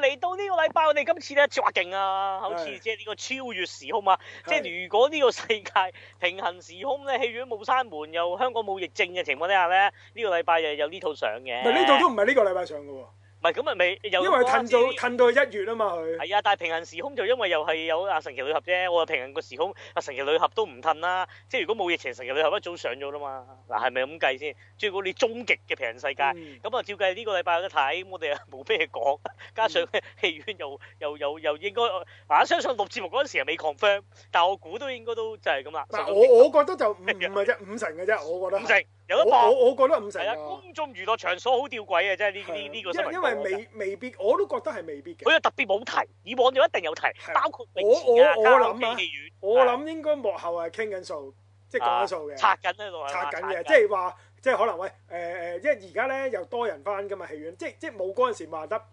嚟到呢個禮拜，我哋今次咧，真係勁啊！好似即係呢個超越時空啊。的即係如果呢個世界平行時空咧，戲院冇閂門又，又香港冇疫症嘅情況底下咧，呢、呢個禮拜又有呢套上嘅。呢套都唔係呢個禮拜上嘅喎、哦。唔係咁咪未，又因為褪到褪到一月啊嘛佢。係啊、哎，但係平行時空就因為又係有阿神奇女俠啫，我啊平行個時空阿神奇女俠都唔褪啦，即係如果冇疫情，時候神奇女俠一早上咗啦嘛。嗱係咪咁計先？最緊要你終極嘅平行世界，咁啊照計呢個禮拜都睇，我哋啊冇咩講，加上戲院又、嗯、又又又應該，嗱、啊、相信錄節目嗰陣時係未 confirm，但我估都應該都就係咁啦。我我覺得就唔係即五成嘅啫，我覺得。五成。有得我我覺得係五成。係啊，公眾娛樂場所好吊詭啊！即係呢呢呢個新聞因為因為未未必，我都覺得係未必嘅。佢又特別冇提，以往就一定有提，包括我我我諗啊，我諗應該幕後係傾緊數，即係講緊數嘅。拆緊喺度。拆緊嘅，即係話，即係可能喂誒誒，因為而家咧又多人返㗎嘛戲院，即即冇嗰陣時賣得半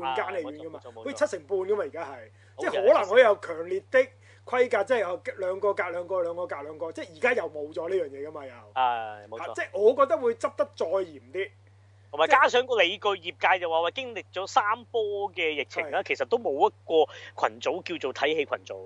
半間戲院㗎嘛，好似七成半㗎嘛而家係，即係可能佢有強烈的。規格，即係有兩個隔兩個，兩個隔兩個，即係而家又冇咗呢樣嘢㗎嘛又。係、啊，冇錯。啊、即係我覺得會執得再嚴啲，同埋有即加上你個業界就話話經歷咗三波嘅疫情啦，是其實都冇一個群組叫做睇戲群組。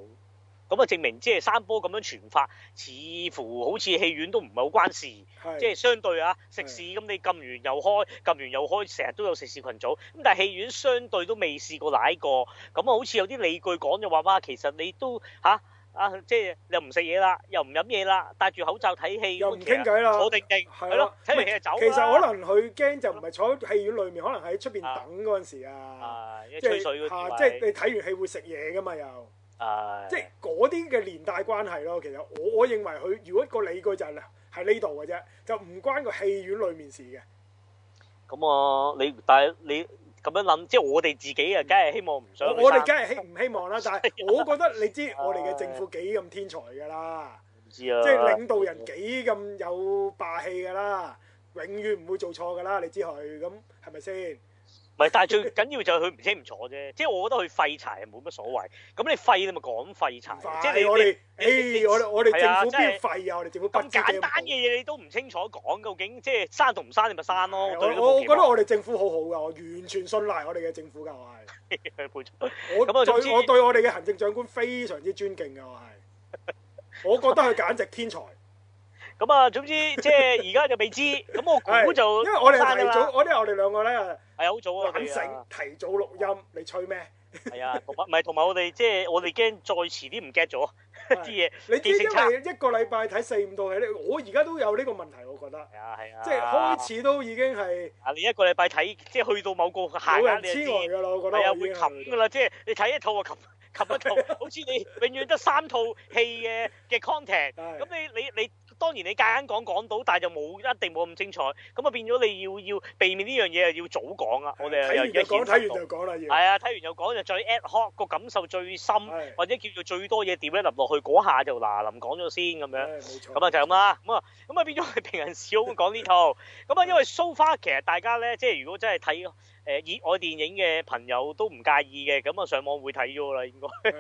咁啊，就證明即係三波咁樣傳發，似乎好似戲院都唔係好關事。是即係相對啊，食肆咁是你撳完又開，撳完又開，成日都有食肆群組。咁但係戲院相對都未試過奶過。咁啊，好似有啲理據講就話哇，其實你都嚇啊，啊，即係又唔食嘢啦，又唔飲嘢啦，戴住口罩睇戲，又唔傾偈啦，坐定定係咯，睇完戲就走。其實可能佢驚就唔係坐喺戲院裡面，可能喺出邊等嗰陣時啊，啊，因為吹水啊，即係嚇，即係你睇完戲會食嘢噶嘛又。即係嗰啲嘅年代關係咯，其實我我認為佢如果一個理據就係咧喺呢度嘅啫，就唔關個戲院裡面嘅事嘅。咁啊，你但係你咁樣諗，即係我哋自己啊，梗係希望唔想。嗯、我哋梗係希唔希望啦， 但係我覺得你知我哋嘅政府幾咁天才㗎啦，即係、啊、領導人幾咁有霸氣㗎啦，嗯、永遠唔會做錯㗎啦，你知佢咁係咪先？唔係，但係最緊要就係佢唔清唔楚啫。即係我覺得佢廢柴係冇乜所謂。咁你廢，你咪講廢柴。即係你，我哋，誒，我我哋政府標廢啊！我哋政府咁簡單嘅嘢，你都唔清楚講究竟即係刪同唔刪，你咪刪咯。我覺得我哋政府好好噶，我完全信賴我哋嘅政府噶，我係。我對我對我哋嘅行政長官非常之尊敬嘅，我係。我覺得佢簡直天才。咁啊，總之即係而家就未知。咁我估就因為我哋我哋我哋兩個咧。係好早啊，提早錄音，你吹咩？係啊，同埋唔係同埋我哋即係我哋驚再遲啲唔 get 咗啲嘢。你點解一個禮拜睇四五套戲咧？我而家都有呢個問題，我覺得係啊係啊，即係開始都已經係。啊！你一個禮拜睇，即係去到某個限，冇人黐線，係啊會冚噶啦，即係你睇一套啊，冚冚一套，好似你永遠得三套戲嘅嘅 content 咁你你你，當然你夾硬講講到，但係就冇一定冇咁精彩。咁啊變咗你要要避免呢樣嘢啊，要早講啊！我哋睇完就講，睇啦。係啊，睇完又講就再 at hot 個感受最深，的或者叫做最多嘢點咧，淋落去嗰下就嗱臨講咗先咁的樣。咁啊的就咁啦。咁啊咁啊，變咗佢平衡少會講呢套？咁啊，因為 so far，其實大家咧，即係如果真係睇。誒熱愛電影嘅朋友都唔介意嘅，咁啊上網會睇咗啦，應該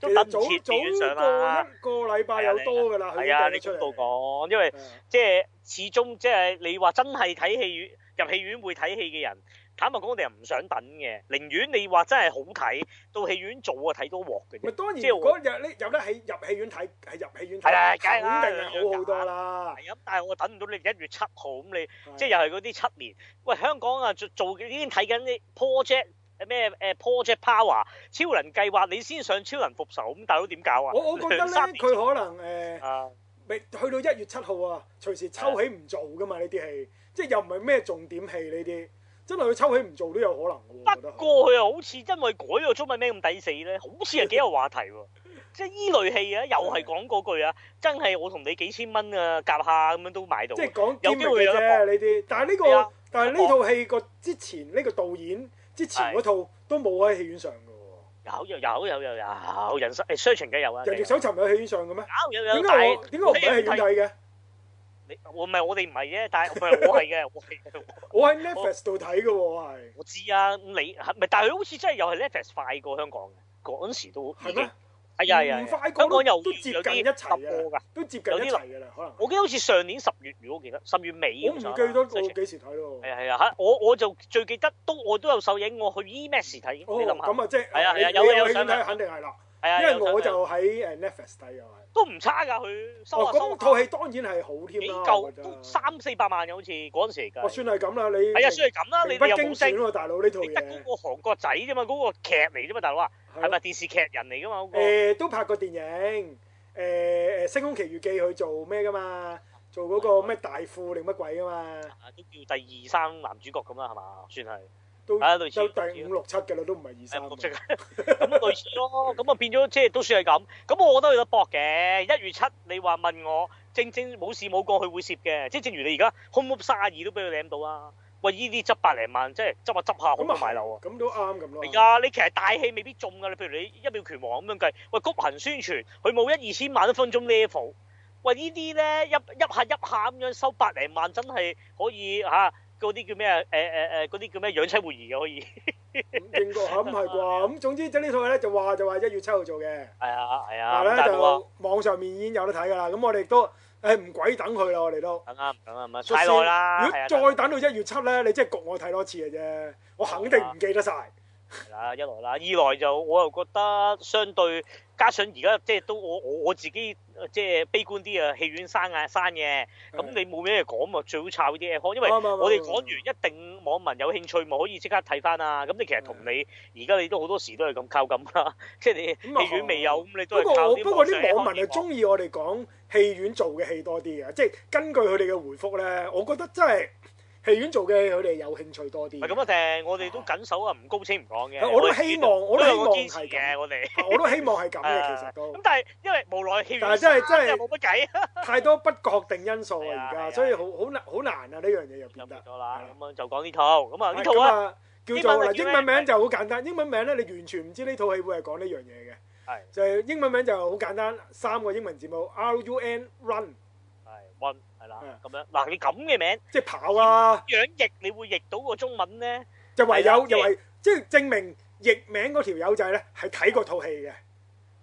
都等唔切戲院上啦。個 禮拜有多㗎啦，係啊，你中道講，啊、因為、啊、即係始終即係你話真係睇戲院入戲院會睇戲嘅人。坦白講，我哋又唔想等嘅，寧願你話真係好睇到戲院做啊，睇到鑊嘅。咪當然即係如果有呢有得喺入戲院睇，喺入戲院睇係啦，梗係肯定好好多啦。咁但係我等唔到你一月七號咁，你的即係又係嗰啲七年喂香港啊，做做已經睇緊啲 project 咩誒、uh, project power 超人計劃，你先上超人復仇咁，大佬點搞啊？我我覺得咧，佢可能誒未、呃 uh, 去到一月七號啊，隨時抽起唔做噶嘛呢啲的戲，即係又唔係咩重點戲呢啲。真係佢抽起唔做都有可能喎，不過佢又好似因為改個中文名咁抵死咧，好似係幾有話題喎。即係依類戲啊，又係講嗰句啊，真係我同你幾千蚊啊夾下咁樣都買到，即係講有機會啫呢啲。但係呢個，但係呢套戲個之前呢個導演之前嗰套都冇喺戲院上㗎喎。有有有有有，人生誒，雙情嘅有啊。人魚守尋喺戲院上嘅咩？有有有。點睇？點解你係點睇嘅？我唔係我哋唔係啫，但係唔係我係嘅，我係我喺 Netflix 度睇嘅喎，係。我知啊，咁你係但係佢好似真係又係 Netflix 快過香港嘅，嗰陣時都係咩？係啊係啊，香港又都接近一齊嘅，都接近一齊嘅啦。可能我記得好似上年十月，如果記得十月尾咁樣。我唔記得我幾時睇咯。係係啊，嚇！我我就最記得都我都有首映。我去 Emax 睇。哦，咁啊，即係。係啊係啊，有有上睇，肯定係啦。係啊，因為我就喺 Netflix 睇嘅。都唔差㗎，佢收套戲當然係好添啦，幾都三四百萬好似嗰陣時嚟㗎。我、哦、算係咁啦，你係啊，算係咁啦，你又冇錢喎，大佬呢套得嗰個韓國仔啫嘛，嗰、嗰個劇嚟啫嘛，大佬啊，係咪電視劇人嚟㗎嘛？誒、呃，都拍過電影，誒、呃、誒《星空奇遇記》去做咩㗎嘛？做嗰個咩大富定乜鬼㗎嘛、啊？都叫第二生男主角咁啦，係嘛？算係。都係類似，第五六七嘅啦，都唔係二三六七。咁啊類似咯，咁啊、 嗯、變咗即係都算係咁。咁我覺得有得搏嘅。一月七，你話問我，正正冇事冇過，佢會蝕嘅。即係正如你而家空屋三十二都俾佢領到啊。喂，依啲執百零萬，即係執下執下好埋樓啊！咁都啱咁咯。係啊，你其實大戲未必中㗎。你譬如你一秒拳王咁樣計，喂，谷行宣傳，佢冇一二千萬一分鐘 level。喂，呢啲咧一一下一下咁樣收百零萬，真係可以嚇。啊。嗰啲叫咩啊？誒誒誒，嗰、哎、啲、哎、叫咩養妻活兒嘅可以？應該咁係啩？咁 總之，即呢套咧就話就話一月七號做嘅。係啊係啊，但、哎、係。咧就網上面已經有得睇㗎啦。咁我哋都誒唔鬼等佢啦，我哋都。啱啱啱啊，等先太耐啦！如果再等到一月七咧， 你即係焗我睇多次嘅啫，我肯定唔記得晒。係啦、 哎，一來啦，二來就我又覺得相對。加上而家即係都我我我自己即係悲觀啲啊，戲院生啊生嘅，咁的你冇咩講啊，最好炒啲嘢。因為的我哋講完的一定網民有興趣，咪可以即刻睇翻啊！咁你其實同你而家的你都好多時都係咁靠咁啦，即係你的戲院未有，咁你都係靠啲。不過啲網民係中意我哋講戲院做嘅戲多啲啊。即係根據佢哋嘅回覆咧，我覺得真係。戲院做嘅佢哋有興趣多啲。唔係咁啊，定我哋都緊守啊，唔高清唔講嘅。我都希望，我都希望係嘅，我哋。我都希望係咁嘅，其實都。咁但係因為無奈戲院。但係真係真係。真係冇乜計啊！太多不確定因素啊，而家，所以好好難好難啊！呢樣嘢又變得。又跌咗啦。咁啊，就講呢套咁啊，呢套啊，叫做嗱，英文名就好簡單，英文名咧，你完全唔知呢套戲會係講呢樣嘢嘅。係。就係英文名就好簡單，三個英文字母 R U N Run。係 Run。啊，咁樣嗱，你咁嘅名，即係跑啊，點樣譯你會譯到個中文咧？就唯有又係，即係證明譯名嗰條友仔咧係睇過套戲嘅。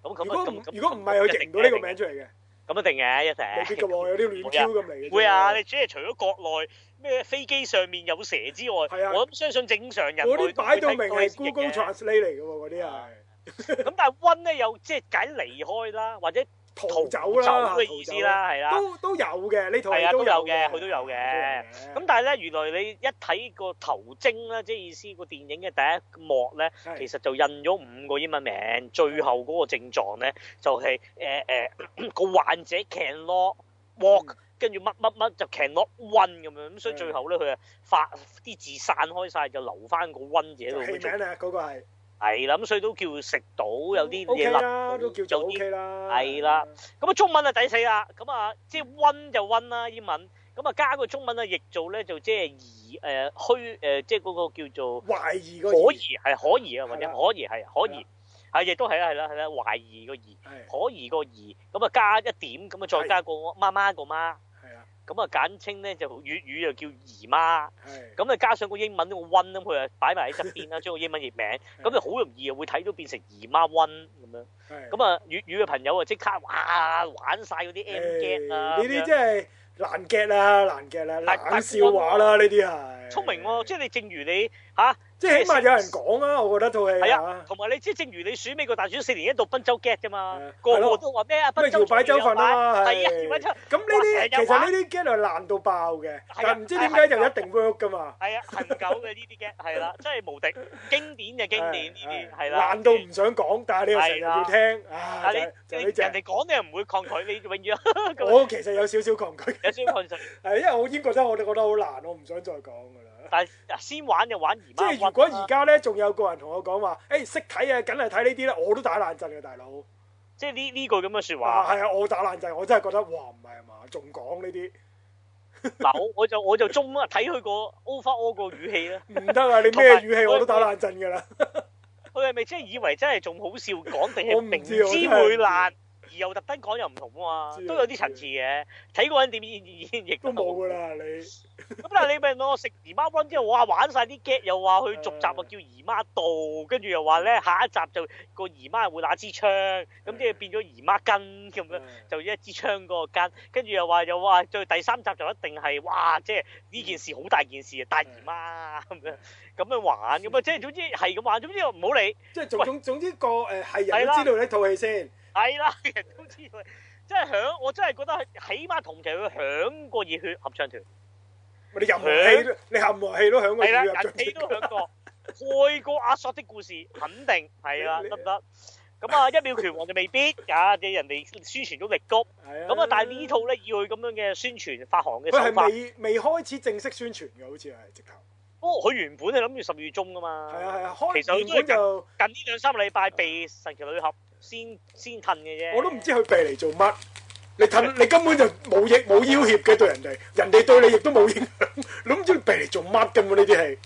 咁咁啊咁咁。如果唔係佢譯唔到呢個名出嚟嘅，咁一定嘅一定。冇嘅喎，有啲亂招咁嚟嘅。會啊，你即係除咗國內咩飛機上面有蛇之外，我諗相信正常人類會擺到明係 Google Translate 嚟嘅喎嗰啲啊。咁但係 One 咧又即係解離開啦，或者。逃走啦，走嘅意思啦，係、啊、啦，啦都都有嘅呢套係。啊，都有嘅，佢都有嘅。咁但係咧，原來你一睇個頭精咧，即係意思個電影嘅第一幕咧，的其實就印咗五個英文名。最後嗰個症狀咧，就係誒誒個患者 can not walk，跟住乜乜乜就 can not run、嗯咁樣。咁所以最後咧，佢啊發啲字散開晒，就留翻、個 run 字喺度嘅名係啦，咁所以都叫食到有啲嘢啦，有啲係啦。咁啊、okay 啦，都叫做 okay、中文啊抵死啦，咁啊，即係溫就溫啦。英文咁啊，加個中文啊，譯做咧就即係疑誒、呃、虛誒，即係嗰個叫做懷疑個疑，可疑係可疑啊，或者可疑係可疑，係亦都係啦，係啦，係啦，懷疑個疑的，可疑個疑，咁啊加一點，咁啊再加個媽媽個媽。咁啊，簡稱咧就粵語又叫姨媽，咁啊的加上個英文嗰個 Run 咁佢啊擺埋喺側邊啦，將個英文譯名，咁就好容易啊會睇到變成姨媽 Run 咁的樣，咁啊粵語嘅朋友啊即刻哇玩晒嗰啲 M gag 啊！呢啲真係爛 gag 啦，爛 gag 啦，冷笑話啦呢啲啊，聰明喎！即係你正如你。嗯嗯吓，即係起碼有人講啊！我覺得套戲係啊，同埋你即係正如你選美國大選四年一度賓州 get 噶嘛，個個都話咩啊搖擺州份啦，係啊，咁呢啲其實呢啲 get 係爛到爆嘅，但係唔知點解就一定 work 噶嘛。係啊，恆久嘅呢啲 get 係啦，真係無敵經典嘅經典呢啲係啦。爛到唔想講，但係你又成日要聽，啊，你人哋講你又唔會抗拒，你永遠我其實有少少抗拒，有少少係，因為我已經覺得我我覺得好難，我唔想再講。嗱，先玩就玩二萬。即係如果而家咧，仲玩有個人同我講話，誒、哎，識睇啊，梗係睇呢啲啦，我都打爛陣嘅，大佬。即係呢呢句咁嘅說話，係啊，啊，我打爛陣，我真係覺得，哇，唔係嘛，仲講呢啲。嗱 啊，我我就我就中啦，睇佢、嗰個 over all 個語氣咧，唔得啊，你咩語氣我都打爛陣噶啦。佢係咪真係以為真係仲好笑講，定係明知會爛？又特登講又唔同啊嘛，都有啲層次嘅，睇嗰個人點演，演亦都冇噶啦你。咁但係你咪我食姨媽 one 之後，哇玩晒啲 gag，又話去續集啊，叫姨媽導，跟住又話咧，下一集就個姨媽會打支槍，咁即係變咗姨媽跟咁樣，就一支槍個跟，跟住又話又話，再第三集就一定係哇，即係呢件事好大件事啊，大姨媽咁樣咁樣玩咁啊，即係總之係咁玩，總之唔好理。即係總總之個誒係人都知道呢套戲先。係啦，人都知佢，真係響，我真係覺得起碼同期佢響過熱血合唱團，我哋又響，響你冚落戲都響過，過，係啦，人氣都響過，蓋過阿索的故事肯定係啦，得唔得？咁啊 一秒拳王就未必，啊，即係人哋宣傳咗力谷。咁啊的，但係呢套咧要去咁樣嘅宣傳發行嘅手法，係未未開始正式宣傳嘅，好似係直頭。佢原本係諗住十二月中噶嘛，係啊係啊，開其實原本就近呢兩三個禮拜被神奇女俠先先褪嘅啫。我都唔知佢避嚟做乜，你褪 你根本就冇益冇要挾嘅對人哋，人哋對你亦都冇影響。你唔知避嚟做乜噶嘛，呢啲係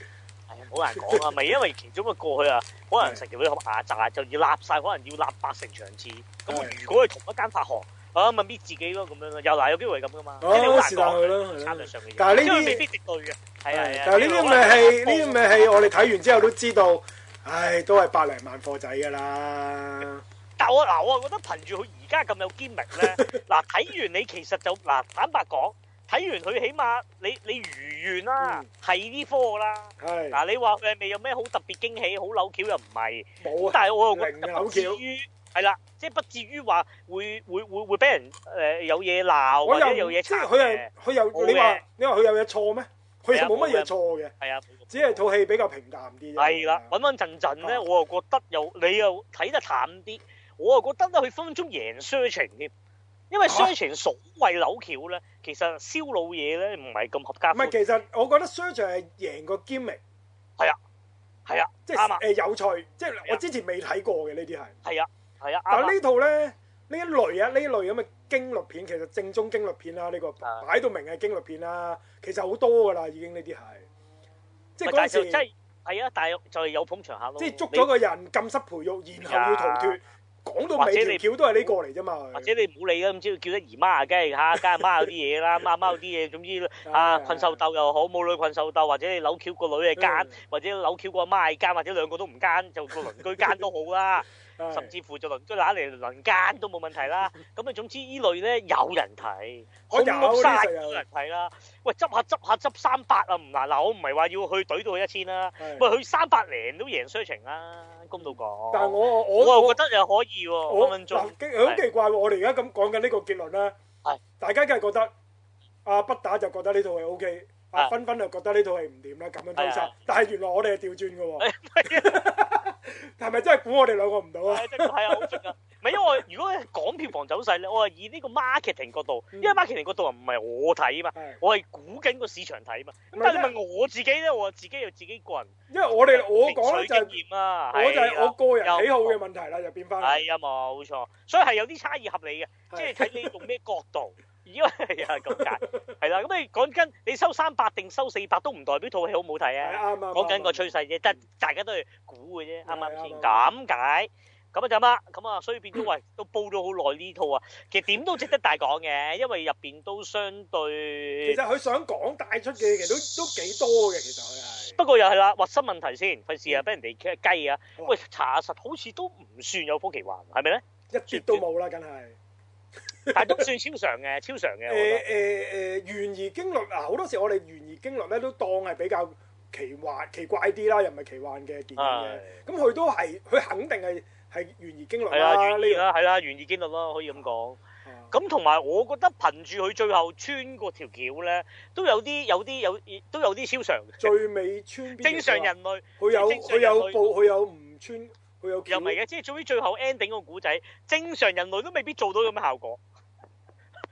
好難講啊！咪 因為其中咪過去啊，可能神奇女俠壓榨、啊、就要立晒，可能要立八成場次。咁如果係同一間發行。啊，咪搣自己咯，咁樣咯，又嗱有機會係咁噶嘛？哦，是但佢咯，策略上嘅嘢。但係呢啲未必絕對嘅。係啊係啊。但係呢啲咪係呢啲咪係我哋睇完之後都知道，唉，都係百零萬貨仔㗎啦。但我嗱我係覺得憑住佢而家咁有堅力咧，嗱睇完你其實就嗱坦白講，睇完佢起碼你你如願啦，係啲科㗎啦。係。嗱你話誒未有咩好特別驚喜，好扭橋又唔係。冇啊。但我又覺得，扭橋。係啦，即係不至於話會會會會俾人誒有嘢鬧嘅，有嘢拆嘅。佢係佢又你話你話佢有嘢錯咩？佢冇乜嘢錯嘅。係啊，只係套戲比較平淡啲。係啦，穩穩陣陣咧，我又覺得又你又睇得淡啲，我又覺得咧佢分分鐘贏 Searching 添。因為 Searching 所謂扭橋咧，其實蕭老嘢咧唔係咁合格。唔係，其實我覺得 Searching 係贏個 gimmick。係啊，係啊，即係誒有趣，即係我之前未睇過嘅呢啲係。係啊。係啊，但呢套咧呢一類啊呢一類咁嘅驚悚片，其實正宗驚悚片啦。呢、呢個擺到、嗯、明係驚悚片啦，其實好多噶啦已經呢啲係，即係嗰時即係，係啊，大約就係有捧場客咯，即係捉咗個人你禁室培育，然後要逃脫，講、啊、到尾條橋都係呢個嚟啫嘛，或者你唔理啦，咁知叫得疑媽啊梗係吓，家阿媽有啲嘢啦，阿媽 有啲嘢，總之啊，哎哎哎困獸鬥又好，母女困獸鬥，或者你扭翹個女嘅奸，奸，或者扭翹個阿媽啊奸，或者兩個都唔奸，就個鄰居奸都好啦。 甚至乎做輪再攞嚟輪奸都冇問題啦。咁啊，總之依類咧有人睇，好唔好？有人睇啦。喂，執下執下執三百啊！唔嗱嗱，我唔係話要去隊到去一千啦。喂，佢三百零都贏衰情啦，公道講。但係我我我覺得又可以喎。三分鐘。嗱，好奇怪喎！我哋而家咁講緊呢個結論啦。係大家梗係覺得阿不打就覺得呢套係 O K。啊，紛紛就覺得呢套戲唔掂啦，咁樣推測，但係原來我哋係調轉嘅喎，係咪真係估我哋兩個唔到啊？係啊，好準啊！唔係因為如果講票房走勢咧，我係以呢個 marketing 角度，因為 marketing 角度啊唔係我睇啊嘛，我係估緊個市場睇啊嘛。咁但係你問我自己咧，我自己又自己個人，因為我哋我講咧就係經驗啦，我就係我個人喜好嘅問題啦，又變翻。係啊，冇錯，所以係有啲差異合理嘅，即係睇你用咩角度。因為係啊，咁解係啦。咁你講緊你收三百定收四百都唔代表套戲好唔好睇啊？啱啊！講緊個趨勢啫，得大家都係估嘅啫，啱唔啱先？咁解咁啊就咁啦。咁啊所以變咗喂，都煲咗好耐呢套啊。其實點都值得大講嘅，因為入邊都相對其實佢想講帶出嘅其實都都幾多嘅，其實佢係不過又係啦，核心問題先，費事啊俾人哋傾下雞啊！喂，查實好似都唔算有科幻，係咪咧？一啲都冇啦，梗係。 但係都算超常嘅，超常嘅。誒誒誒，懸疑驚慄啊！好多時我哋懸疑驚慄咧，都當係比較奇幻、奇怪啲啦，又唔係奇幻嘅電影嘅。咁佢的都係，佢肯定係係懸疑驚慄啦。係啦，係啦，懸疑驚慄咯，可以咁講。咁同埋我覺得憑住佢最後穿嗰條橋咧，都有啲有啲有，有都有啲超常嘅。最尾穿邊個？正常人類。佢 有佢有布，佢有唔穿，佢有橋。又唔係嘅，即係至於最後 ending 個故仔，正常人類都未必做到咁嘅效果。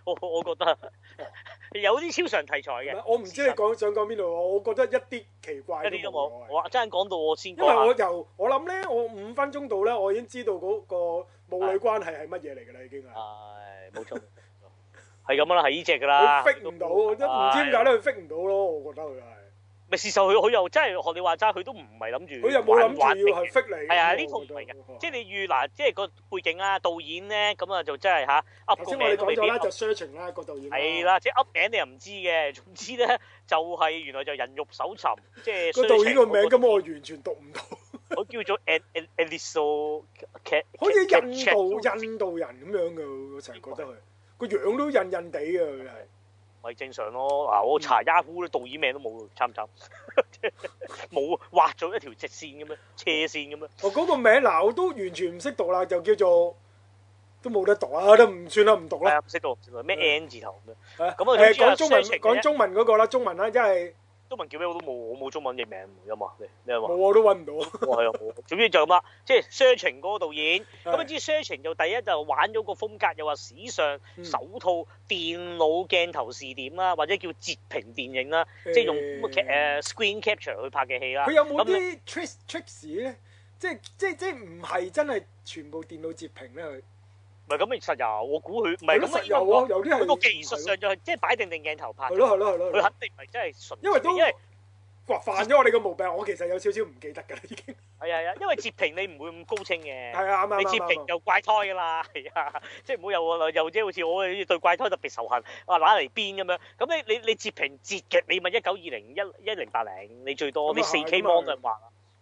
我我覺得有啲超常題材嘅。我唔知你講，想講邊度，我覺得一啲奇怪都冇。哇！真係講到我先。因為我由我諗咧，我五分鐘度咧，我已經知道嗰個母女關係係乜嘢嚟㗎啦，已經啊。係冇錯，係咁樣啦，係呢隻㗎啦。佢識唔到，唔知點解咧？佢識唔到咯，我覺得佢係。咪事實佢佢又真係學你話齋，佢都唔係諗住。佢又冇諗住要去 fit 你。係啊，呢套即係你遇嗱，即係個背景啊，導演咧，咁啊就真係嚇。頭先我哋講咗啦，就 searching 啦個導演。係啦，即係 Ups 名你又唔知嘅，總之咧就係原來就人肉搜尋，即係個導演個名根本我完全讀唔到。我叫做 An An Aniso Cat。好似印度印度人咁樣噶，成日覺得佢個樣都印印地㗎佢係。咪正常咯，嗱、嗯、我查 Yahoo 咧，導演名都冇，差唔差？冇 畫咗一條直線咁樣，斜線咁樣。哦，嗰、那個名嗱、啊，我都完全唔識讀啦，就叫做都冇得讀啊，都唔算啦，唔讀啦，唔識讀。咩對 N 字頭咁樣？係啊，誒講中文，中文講中文嗰、那個啦，中文啦，因為。中文叫咩我都冇，我冇中文嘅名，有冇啊？你你有冇？我都揾唔到、哦。係啊，好 總之就咁啦，即係 Searching 嗰個導演，咁 知 Searching 就第一就玩咗個風格，又話史上首套電腦鏡頭視點啦，或者叫截屏電影啦，嗯、即係用乜、欸 uh, Screen Capture 去拍嘅戲啦。佢有冇啲 tr 你 tricks tricks 咧？即係即係即係唔係真係全部電腦截屏咧？佢？唔係咁其實又，我估佢唔係咁有啊，有啲係佢個技術上就係即係擺定定鏡頭拍嘅。係咯係咯係咯，佢肯定唔係真係純粹。因為都因為哇犯咗我哋個毛病，我其實有少少唔記得㗎啦已經。係係啊，因為截屏你唔會咁高清嘅。係啊啱你截屏又怪胎㗎啦，係啊，即係唔好有啊。又即係好似我對怪胎特別仇恨，話揦嚟編咁樣。咁你你你截屏截極，你咪一九二零一一零八零，你最多啲四 K 芒都唔得。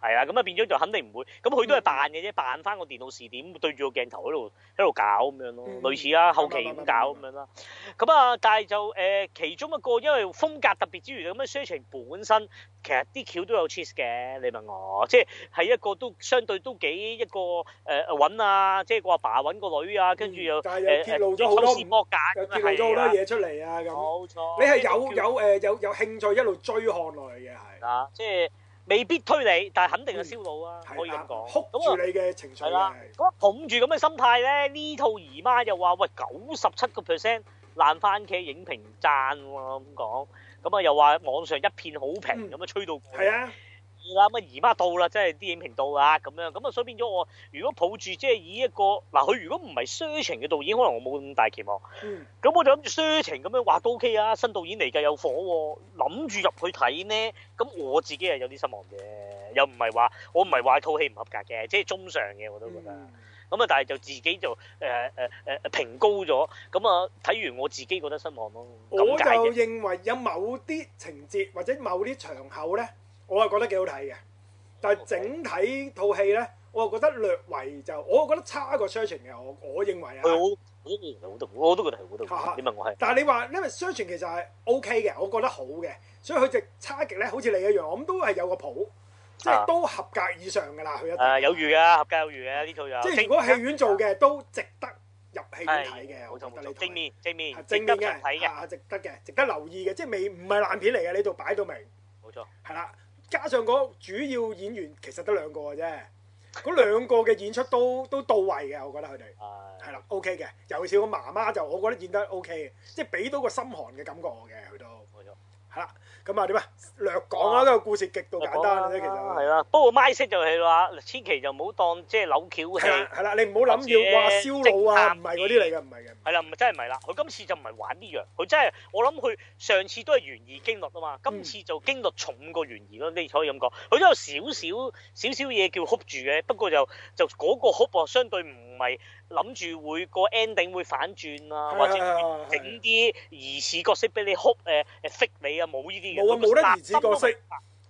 係啊，咁啊變咗就肯定唔會，咁佢都係扮嘅啫，扮翻個電腦視點對住個鏡頭喺度喺度搞咁樣咯，類似啦，後期咁搞咁樣啦。咁啊，但係就誒其中一個，因為風格特別之餘嘅咁嘅 searching 本身，其實啲橋都有 cheat 嘅，你問我，即係係一個都相對都幾一個誒揾啊，即係個阿爸揾個女啊，跟住又誒揭露咗好多事魔戒，又揭露好多嘢出嚟啊，咁冇錯。你係有有誒有有興趣一路追看落嚟嘅係，即係。未必推你，但係肯定係燒到啊，可以咁講。哭住你嘅情緒啦。捧住咁嘅心態咧，呢套姨媽又話：喂，九十七個 percent 爛番茄影評讚喎，咁講。咁啊，又話網上一片好評，咁啊吹到。係、嗯、啊。係姨媽到啦，即係啲影評到啦，咁樣咁啊，所以變咗我如果抱住即係以一個嗱，佢如果唔係抒情嘅導演，可能我冇咁大期望。咁、嗯、我就諗住抒情咁樣話都 OK 啊，新導演嚟㗎有火喎、喔，諗住入去睇呢，咁我自己係有啲失望嘅，又唔係話我唔係話套戲唔合格嘅，即係中上嘅我都覺得。咁啊、嗯，但係就自己就誒誒誒評高咗，咁啊睇完我自己覺得失望咯。我就認為有某啲情節或者某啲場口咧。我係覺得幾好睇嘅，但係整體套戲咧，我又覺得略為就我覺得差過 Searching 嘅，我我認為啊，佢好好我都覺得係好到，你問我係。但係你話因為 Searching 其實係 OK 嘅，我覺得好嘅，所以佢直差極咧，好似你一樣，我諗都係有個譜，即係都合格以上㗎啦。佢一定有餘㗎，合格有餘嘅呢套又。即係如果戲院做嘅都值得入戲院睇嘅，冇錯。正面正面值得睇嘅，值得嘅，值得留意嘅，即係未唔係爛片嚟嘅呢度擺到明。冇錯，係啦。加上嗰主要演員其實得兩個嘅啫，嗰兩個嘅演出都都到位嘅，我覺得佢哋係啦，OK 嘅。尤其是個媽媽就我覺得演得 OK 嘅，即係俾到個心寒嘅感覺我嘅佢都係啦。 咁啊點啊略講啦，呢個故事極度簡單啦，啊、其實。係啦，不過 My 色就係話，千祈就唔好當即係扭橋戲。係啦，係啦，你唔好諗住話燒腦啊，唔係嗰啲嚟嘅，唔係嘅。係啦，唔係真係唔係啦，佢今次就唔係玩呢樣，佢真係我諗佢上次都係懸疑驚慄啊嘛，嗯、今次就驚慄重過懸疑咯，你可以咁講。佢都有少少少少嘢叫 hook 住嘅，不過就就嗰個 hook 喎，相對唔。咪諗住會個 ending 會反轉啊，或者整啲疑似角色俾你哭誒誒 fit 你啊，冇呢啲嘢。冇啊冇咧疑似角色，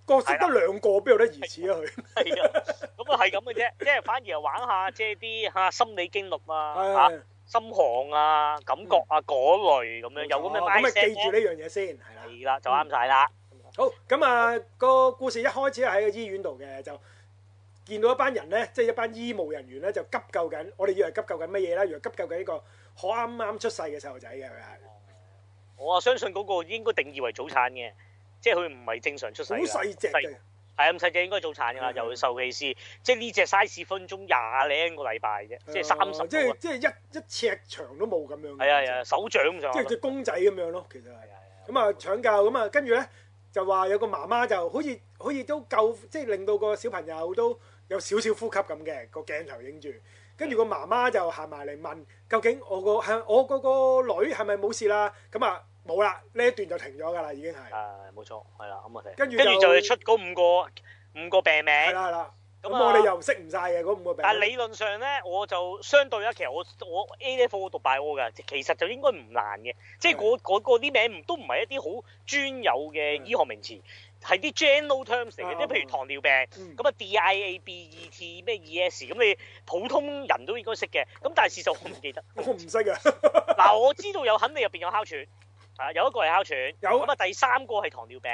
角色得兩個，邊有得疑似啊佢？係啊，咁啊係咁嘅啫，即係反而又玩下即係啲嚇心理驚悚啊，心寒啊，感覺啊嗰類咁樣，有咁嘅。咁咪記住呢樣嘢先，係啦。係啦，就啱晒啦。好，咁啊個故事一開始喺個醫院度嘅就。見到一班人咧，即係一班醫務人員咧，就急救緊。我哋以為急救緊乜嘢啦？以為急救緊一個好啱啱出世嘅細路仔嘅。我話相信嗰個應該定義為早產嘅，即係佢唔係正常出世。好細隻嘅。係咁細隻應該早產㗎啦，又佢的受氣師。即係呢隻 size 分鐘廿零個禮拜啫，的即係三十。即係即係一一尺長都冇咁樣。係啊係啊，手掌咁長，即係隻公仔咁樣咯，其實係。咁啊、嗯嗯、搶救，咁、嗯、啊跟住咧就話有個媽媽就好似好似都救，即係令到個小朋友都。有少少呼吸咁嘅個鏡頭影住，跟住個媽媽就行埋嚟問：究竟我個係我嗰女係咪冇事啦？咁啊冇啦，呢一段就停咗噶啦，已經係。誒、啊，冇錯，係啦，咁啊、就係，跟住跟住就出嗰五個五個病名。係啦係啦，咁、嗯、我哋又識唔晒嘅嗰五個病名。但係理論上咧，我就相對啦，其實我我 A level 讀 bio 嘅，其實就應該唔難嘅，即係嗰嗰啲名都唔係一啲好專有嘅醫學名詞。的係啲 general terms 嚟嘅，即係譬如糖尿病，咁啊 diabet 咩 es 咁，你普通人都應該識嘅，咁但係事實我唔記得，我唔識㗎。嗱， 我知道有肯定入邊有哮喘，啊，有一個係哮喘，有咁啊，第三個係糖尿病。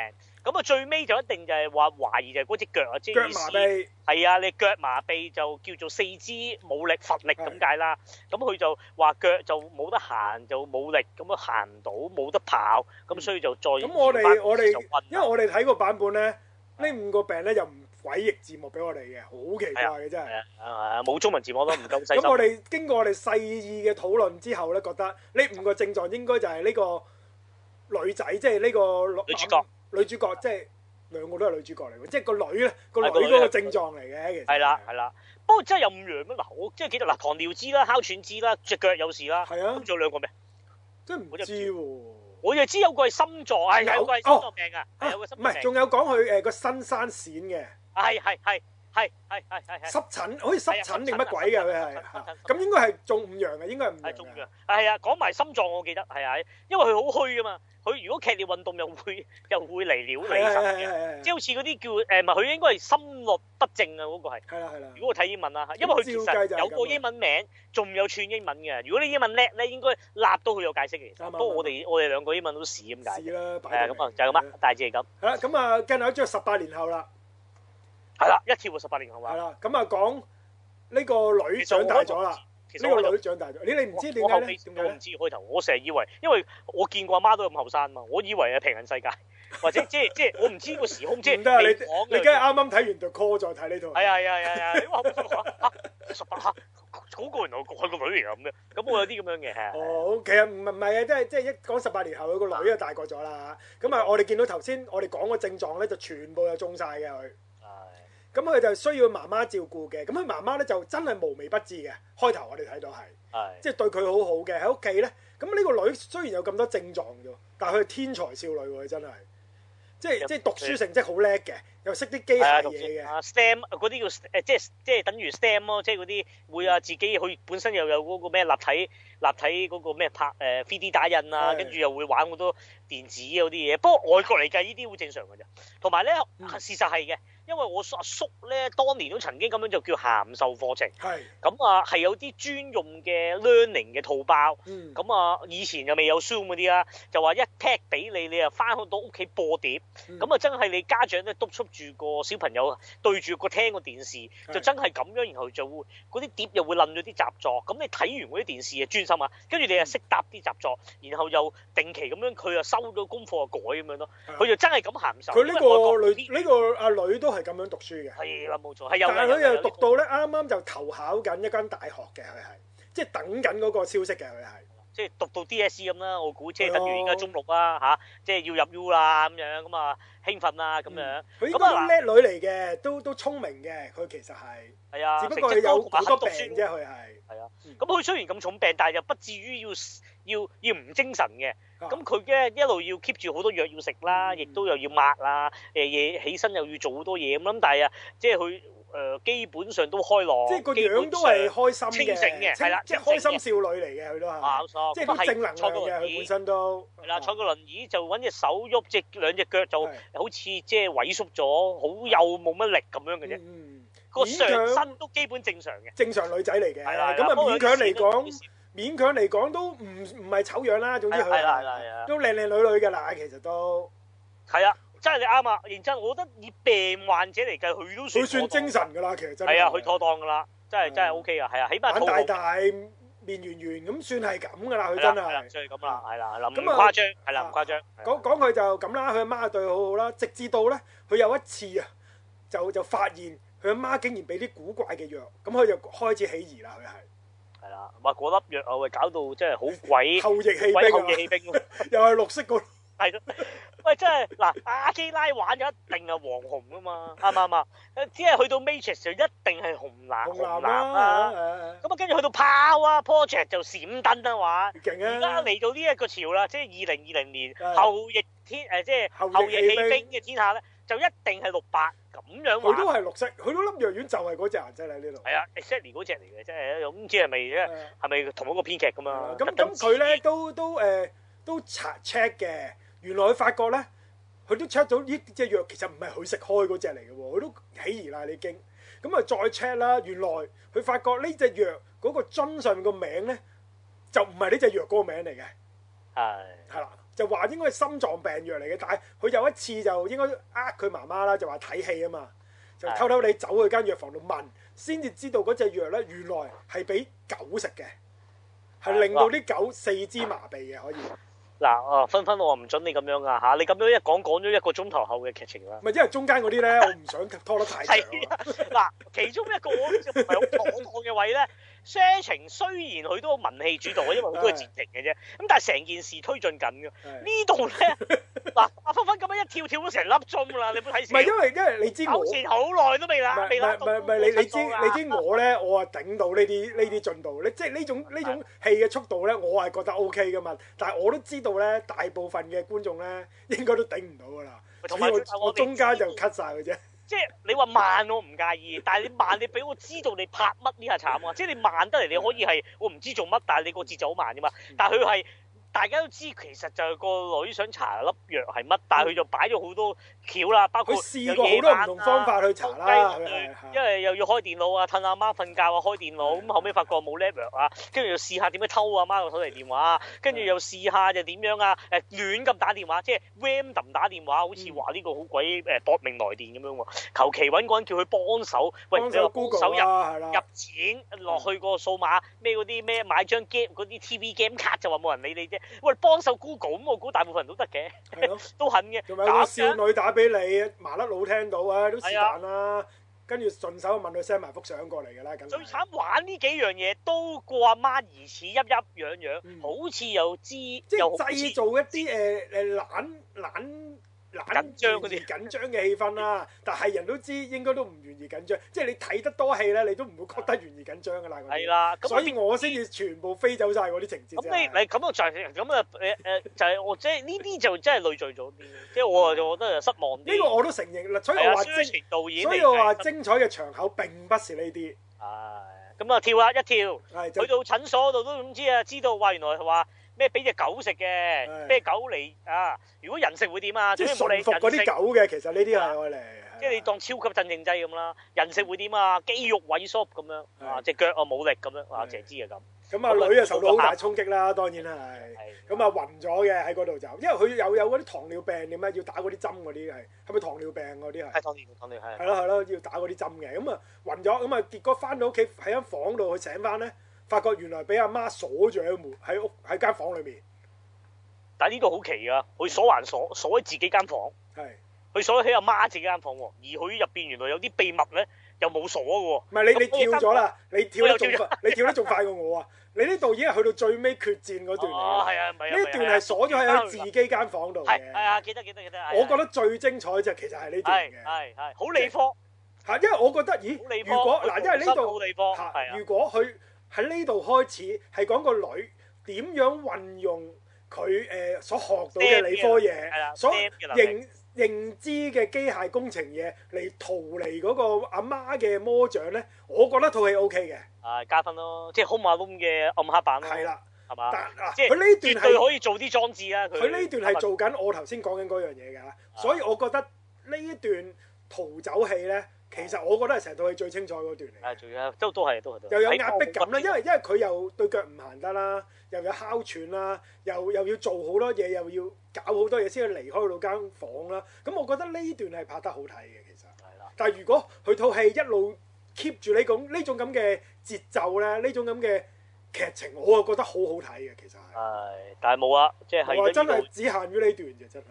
咁啊，最尾就一定就係話懷疑就係嗰隻腳啊，即係腳麻痹。係啊，你腳麻痹就叫做四肢冇力、乏力咁解啦。咁佢就話腳就冇得行，就冇力咁啊，行唔到，冇得跑。咁所以就再咁我哋我哋，因為我哋睇個版本咧，呢五個病咧又唔鬼譯字幕俾我哋嘅，好奇怪嘅真係。係啊，冇中文字幕都唔夠細。咁我哋經過我哋細意嘅討論之後咧，覺得呢五個症狀應該就係呢個女仔，即係呢個女主角。女主角即係兩個都係女主角嚟，嘅，即係個女咧，個女嗰個症狀嚟嘅。其實，係啦係啦，不過真係有五樣咩？嗱，我即係記得嗱，糖尿病啦，哮喘支啦，隻腳有事啦，係啊，仲有兩個咩？真唔知喎，我就知有一個係心臟，係有一個係心臟病噶，係有一個心臟病。唔係，仲有講佢誒個心生蘚嘅，係係係係係係係。濕疹好似濕疹定乜鬼嘅佢係，咁應該係中五樣啊，應該係中五樣。係啊，講埋心臟我記得係啊，因為佢好虛噶嘛。佢如果劇烈運動又會又會嚟撩你嘅，即係好似嗰啲叫誒唔係，佢應該係心律不正啊！嗰個係。係啦係啦。如果我睇英文啊，因為佢其實有個英文名，仲有串英文嘅。如果你英文叻咧，應該立到佢有解釋嘅。不過我哋我哋兩個英文都屎咁解嘅。係啊，咁啊，就係咁啦，大致係咁。係啦，咁啊，跟住之後十八年後啦。係啦，一跳過十八年後話。係啦，咁啊，講呢個女長大咗啦。呢個女長大咗，我你你唔知你點解我唔知開頭，我成日以為，因為我見過阿媽，媽都有咁後生啊嘛，我以為啊，平行世界，或者即係即係我唔知呢個時空 行即係。唔得你你梗係啱啱睇完就 call 再睇呢套。係啊係啊係啊！你話咩話？十、啊、八，嗰、啊那個原來我女、啊那個女嚟嘅咁嘅，咁我有啲咁樣嘅係啊。哦、那個啊， 其實唔係唔係啊，即係即係一講十八年後，佢、那個女啊大個咗啦。咁啊，我哋見到頭先我哋講個症狀咧，就全部又中晒嘅佢。咁佢就需要媽媽照顧嘅，咁佢媽媽咧就真係無微不至嘅。開頭我哋睇到係，即係是的 對佢好好嘅喺屋企咧。咁呢個女雖然有咁多症狀啫，但係佢天才少女喎，佢真係，即係的即係讀書成績好叻嘅，又識啲機械嘢嘅。啊、STEM 啲叫誒、呃，即係即係等於 STEM 咯，即係嗰啲會啊，自己佢本身又有嗰個咩立體立體嗰個咩拍誒、呃、3D 打印啊，跟住的又會玩好多電子嗰啲嘢。不過外國嚟計呢啲好正常㗎啫，同埋咧事實係嘅。嗯因為我阿叔咧，當年都曾經咁樣就叫函授課程，係咁啊，係有啲專用嘅 learning 嘅套包，咁啊，以前又未有 Zoom 嗰啲啦，就話一 pack 俾你，你啊翻去到屋企播碟，咁啊真係你家長咧督促住個小朋友對住個廳個電視，就真係咁樣，然後就嗰啲碟又會濫咗啲習作。咁你睇完嗰啲電視啊專心啊，跟住你啊識答啲習作，然後又定期咁樣，佢啊收咗功課啊改咁樣咯，佢就真係咁函授。佢呢個女呢個阿女都係咁樣讀書嘅，係啦冇錯。錯但係佢又讀到咧，啱啱就投考緊一間大學嘅，佢係即係等緊嗰個消息嘅，佢係即係讀到 DSE 咁啦。我估，的我估即係等於而家中六啦，吓、啊、即係要入 U 啦咁樣，咁啊興奮啦咁樣。佢、嗯、麼應該叻女嚟嘅，都都聰明嘅。佢其實係係啊，的只不過有好多病啫。佢係係啊，咁佢雖然咁重病，但係又不至於要。要要唔精神嘅，咁佢咧一路要 keep 住好多藥要食啦，亦都又要抹啦，誒嘢起身又要做好多嘢咁。咁但係啊，即係佢誒基本上都開朗，即係個樣都係開心嘅，清醒嘅，係啦，即係開心少女嚟嘅佢都係，即係正能量嘅。本身都係啦，坐個輪椅就揾隻手喐，即係兩隻腳就好似即係萎縮咗，好幼冇乜力咁樣嘅啫。嗯，個上身都基本正常嘅，正常女仔嚟嘅。係啦，咁啊勉強嚟講。勉強嚟講都唔唔係醜樣啦，總之佢都靚靚女女嘅啦，其實都係啊，真係你啱啊！然之後，我覺得以病患者嚟計，佢都佢算精神㗎啦，其實真係啊，佢妥當㗎啦，真係真係 OK 啊！係啊，起碼眼大大，面圓圓咁，算係咁㗎啦，佢真係係啦，算係咁啦，係啦，唔誇張，係啦，唔誇張。講講佢就咁啦，佢阿媽對佢好好啦，直至到咧，佢有一次啊，就就發現佢阿媽竟然俾啲古怪嘅藥，咁佢就開始起疑啦，佢係。話嗰粒藥啊喂，搞到真係好鬼，鬼後翼氣兵，後翼氣兵，又係綠色個。係咯，喂，真係嗱，阿基拉玩就一定係黃紅噶嘛，啱嘛係嘛？只係去到 Matrix 就一定係紅藍紅藍咁啊，跟住、啊啊、去到 Power，Project 就閃燈話啊，哇！而家嚟到呢一個潮啦，即係二零二零年後翼天誒，即係後翼氣兵嘅天下咧。就一定係六八咁樣，佢都係綠色，佢都粒藥丸就係嗰隻顏色喺呢度。係啊 exactly 嗰隻嚟嘅，即係一種知係咪啫？係咪、啊、同一個編劇咁啊？咁咁佢咧都都誒、呃、都查 check 嘅，原來佢發覺咧，佢都 check 到呢隻藥其實唔係佢食開嗰隻嚟嘅喎，佢都起疑啦你經。咁啊再 check 啦，原來佢發覺隻、那個、呢隻藥嗰個樽上面個名咧就唔係呢隻藥個名嚟嘅，係係啦。話應該係心臟病藥嚟嘅，但係佢有一次就應該呃佢媽媽啦，就話睇戲啊嘛，就偷偷地走去間藥房度問，先至是的 知道嗰隻藥咧原來係俾狗食嘅，係令到啲狗四肢麻痹嘅的可以。嗱、啊呃，分分我唔準你咁樣㗎吓，你咁樣一講講咗一個鐘頭後嘅劇情啦。唔係，因為中間嗰啲咧，我唔想拖得太長。係嗱、 啊啊啊，其中一個唔係好妥當嘅位咧。 薛晴雖然佢都文氣主導嘅，因為佢都係截停嘅啫，咁 但係成件事推進緊㗎。 呢度咧，嗱、啊，阿芬芬咁樣一跳跳咗成粒鐘啦，你冇睇線？唔係因為因為你知我，好耐都未啦，未啦是，唔係唔係你你知你知我咧，我啊頂到呢啲呢啲進度。你即係呢種呢種戲嘅速度咧，我係覺得 O K 嘅嘛。但係我都知道咧，大部分嘅觀眾咧應該都頂唔到㗎啦。我且我中間就 cut 晒㗎啫。 即係你話慢我唔介意，但係你慢你俾我知道你拍乜呢下慘啊！即係你慢得嚟你可以係我唔知做乜，但係你個節奏好慢啫嘛。但係佢係。大家都知其實就係個女想查粒藥係乜，嗯、但係佢就擺咗好多橋啦，包括、啊、試過好多唔同方法去查啦。因為又要開電腦啊，趁阿媽瞓覺啊，開電腦咁是是 後尾發覺冇 l e v e l 啊，跟住又試下點樣偷阿媽個手提電話，跟住又試下就點樣啊，誒亂咁打電話，即係 random 打電話，嗯、好似話呢個好鬼誒搏命來電咁樣喎。求其揾個人叫佢幫手，喂，幫手入的入錢落的去個數碼咩嗰啲咩買張 game 嗰啲 TV game 卡就話冇人理你啫。喂，幫手 Google 咁，我估大部分人都得嘅，的 都肯嘅的。打少女打俾你，麻甩佬聽到啊，都時常啦。跟住的順手問佢 send 埋幅相過嚟㗎啦，梗係。最慘玩呢幾樣嘢，都過阿媽疑似。一一樣樣，嗯、好似又知即是 又製造一啲誒誒懶懶。懶緊張啲緊張嘅氣氛啦，但係人都知應該都唔願意緊張，即係你睇得多戲咧，你都唔會覺得願意緊張噶啦。係啦，所以我先至全部飛走晒嗰啲情節。咁你你咁啊就咁啊誒誒就係我即係呢啲就真係累贅咗啲，即係我就覺得失望啲。呢個我都承認啦，所以我話精，所以我話精彩嘅場口並不是呢啲。係，咁啊跳啊一跳，去到診所度都唔知啊，知道喂，原來話。咩俾隻狗食嘅？咩狗嚟啊？如果人食會點啊？即係馴服嗰啲狗嘅，其實呢啲係愛嚟，即係你當超級鎮定劑咁啦。人食會點啊？肌肉萎縮咁樣啊，隻腳啊冇力咁樣。哇，邪知啊咁。咁啊女啊受到好大衝擊啦，當然係。咁啊暈咗嘅喺嗰度就，因為佢有有嗰啲糖尿病，你咩要打嗰啲針嗰啲係，係咪糖尿病嗰啲係？係糖尿病，糖尿病係。係咯係咯，要打嗰啲針嘅，咁啊暈咗，咁啊結果翻到屋企喺間房度去醒翻咧。發覺原來俾阿媽鎖住喺門，喺屋喺間房裏面。但呢度好奇噶，佢鎖還鎖鎖喺自己間房。係，佢鎖喺阿媽自己間房喎。而佢入邊原來有啲秘密咧，又冇鎖噶。唔係你你跳咗啦，你跳得仲，你跳得仲快過我啊！你呢度已經去到最尾決戰嗰段嚟。啊係啊，呢段係鎖咗喺自己間房度。係係啊，記得記得記得。我覺得最精彩嘅就係其實係呢段嘅，係係好理科。吓，因為我覺得咦，如果嗱，因為呢度吓，如果去。喺呢度開始係講個女點樣運用佢誒所學到嘅理科嘢，所認認知嘅機械工程嘢嚟逃離嗰個阿媽嘅魔掌咧。我覺得套戲 OK 嘅，係加分咯，即係好唔好咁嘅暗黑版啦，係啦，係嘛？但即係佢呢段係可以做啲裝置啦，佢呢段係做緊我頭先講緊嗰樣嘢㗎，所以我覺得呢一段逃走戲咧。其實我覺得係成套戲最精彩嗰段嚟，係仲有，都都係，都係。又有壓迫感啦，因為因為佢又對腳唔行得啦，又有哮喘啦，又又要做好多嘢，又要搞好多嘢先至離開到間房啦。咁我覺得呢段係拍得好睇嘅，其實。係啦。但係如果佢套戲一路 keep 住呢種呢種咁嘅節奏咧，呢種咁嘅劇情，我啊覺得好好睇嘅，其實係。但係冇啊，即係。我話真係只限於呢段啫，真係。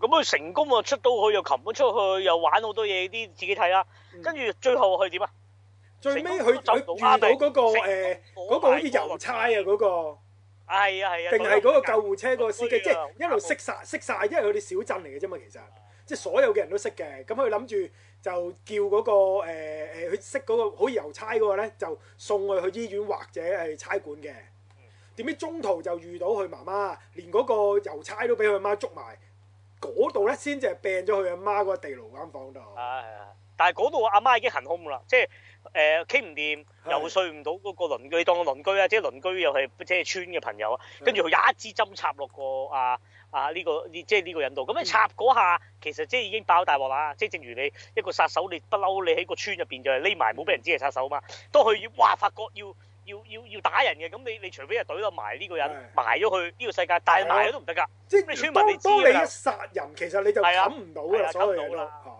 咁佢成功喎，出到去又擒咗出去，又玩好多嘢啲自己睇啦。跟住最後佢點啊？最尾佢就遇到嗰個誒嗰個好似郵差啊嗰個，係啊，係啊，定係嗰個救護車嗰個司機，即係一路識晒，識晒，因為佢哋小鎮嚟嘅啫嘛。其實即係所有嘅人都識嘅。咁佢諗住就叫嗰個誒誒佢識嗰個好似郵差嗰個咧，就送佢去醫院或者係差館嘅。點知中途就遇到佢媽媽，連嗰個郵差都俾佢媽捉埋。嗰度咧先至係病咗佢阿媽嗰地牢間房度。係啊，但係嗰度阿媽已經行空啦，即係誒傾唔掂，又睡唔到個個的鄰居，當個鄰居啦，即係鄰居又係即係村嘅朋友的、這個、啊。跟住佢有一支針插落個阿阿呢個呢，即係呢個人度。咁樣插嗰下，嗯、其實即係已經爆大鑊啦。即係正如你一個殺手，你不嬲你喺個村入邊就匿埋，冇俾人知係殺手啊嘛。當佢要話發覺要。要要要打人嘅，咁你你除非啊懟得埋呢個人埋咗去呢個世界，但係埋咗都唔得噶。即係你知你一殺人，其實你就冚唔到啦，所謂啦嚇。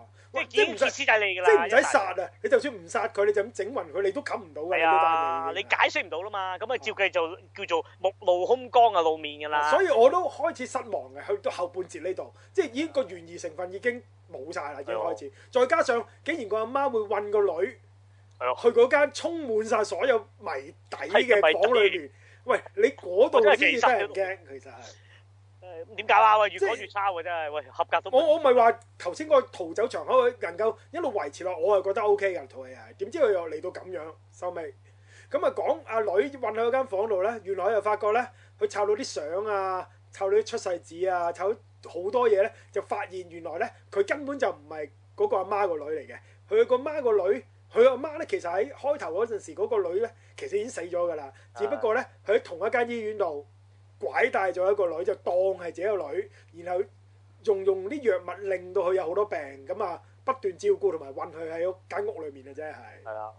即唔使師弟你㗎啦，即係唔使殺啊！你就算唔殺佢，你就咁整暈佢，你都冚唔到㗎。你解釋唔到啦嘛。咁啊，照計就叫做目露凶光啊，露面㗎啦。所以我都開始失望嘅，去到後半節呢度，即係已經個懸疑成分已經冇晒啦，已經開始。再加上竟然個阿媽會暈個女。去嗰間充滿曬所有謎底嘅房裏面，喂！你嗰度先至得人驚，其實係點解啊？喂，越講越差嘅真係，喂，合格都我我唔係話頭先嗰逃走場口能夠一路維持落，我係覺得 O K 嘅套戲點知佢又嚟到咁樣收尾咁啊？講阿女混喺嗰間房度咧，原來我又發覺咧，佢摷到啲相啊，摷到啲出世紙啊，摷好多嘢咧，就發現原來咧佢根本就唔係嗰個阿媽個女嚟嘅，佢個媽個女。佢阿媽咧，其實喺開頭嗰陣時，嗰個女咧其實已經死咗㗎啦。只不過咧，佢喺同一間醫院度拐帶咗一個女，就當係自己個女，然後用用啲藥物令到佢有好多病，咁啊不斷照顧同埋困佢喺個間屋裏面嘅啫，係。係啊，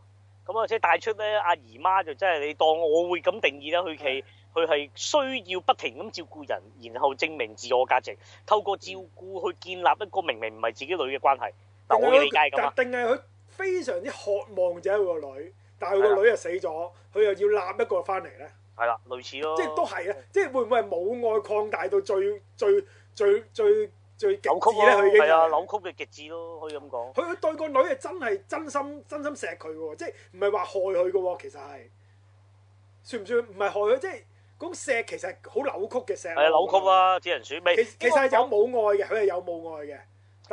咁啊，即係帶出咧阿姨媽就真係你當我會咁定義啦。佢其佢係需要不停咁照顧人，然後證明自我價值，透過照顧去建立一個明明唔係自己女嘅關係，但我理解咁啊。定係佢。非常之渴望者佢個女，但係佢個女又死咗，佢的又要攬一個翻嚟咧。係啦，類似咯，即係都係啊！即係會唔會係母愛擴大到最、嗯、最最最最極致咧？佢已經係扭曲嘅極致咯，可以咁講。佢佢對個女係真係真心真心錫佢喎，即係唔係話害佢嘅喎，其實係算唔算？唔係害佢，即係嗰個錫其實好扭曲嘅錫。係扭曲啊！紫人鼠，其實，算不算不其實、啊、有母愛嘅，佢係有母愛嘅。但係佢嘅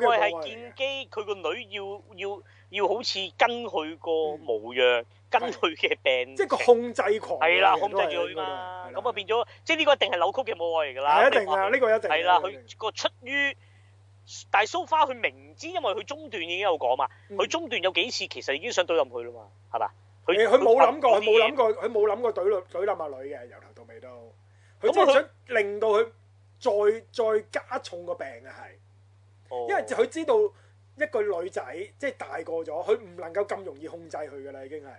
母愛係建基，佢個女要要要好似跟佢個模樣，跟佢嘅病，即係個控制狂，係啦，控制住佢嘛。咁啊變咗，即係呢個一定係扭曲嘅母愛嚟噶啦。係一定啊，呢個一定係啦。佢個出於，但係蘇花佢明知，因為佢中段已經有講嘛，佢中段有幾次其實已經想懟冧佢啦嘛，係嘛？佢佢冇諗過，冇諗過，佢冇諗過懟女懟冧阿女嘅，由頭到尾都，佢真係想令到佢再再加重個病啊，係。因為佢知道一個女仔即係大個咗，佢唔能夠咁容易控制佢噶啦，已經係，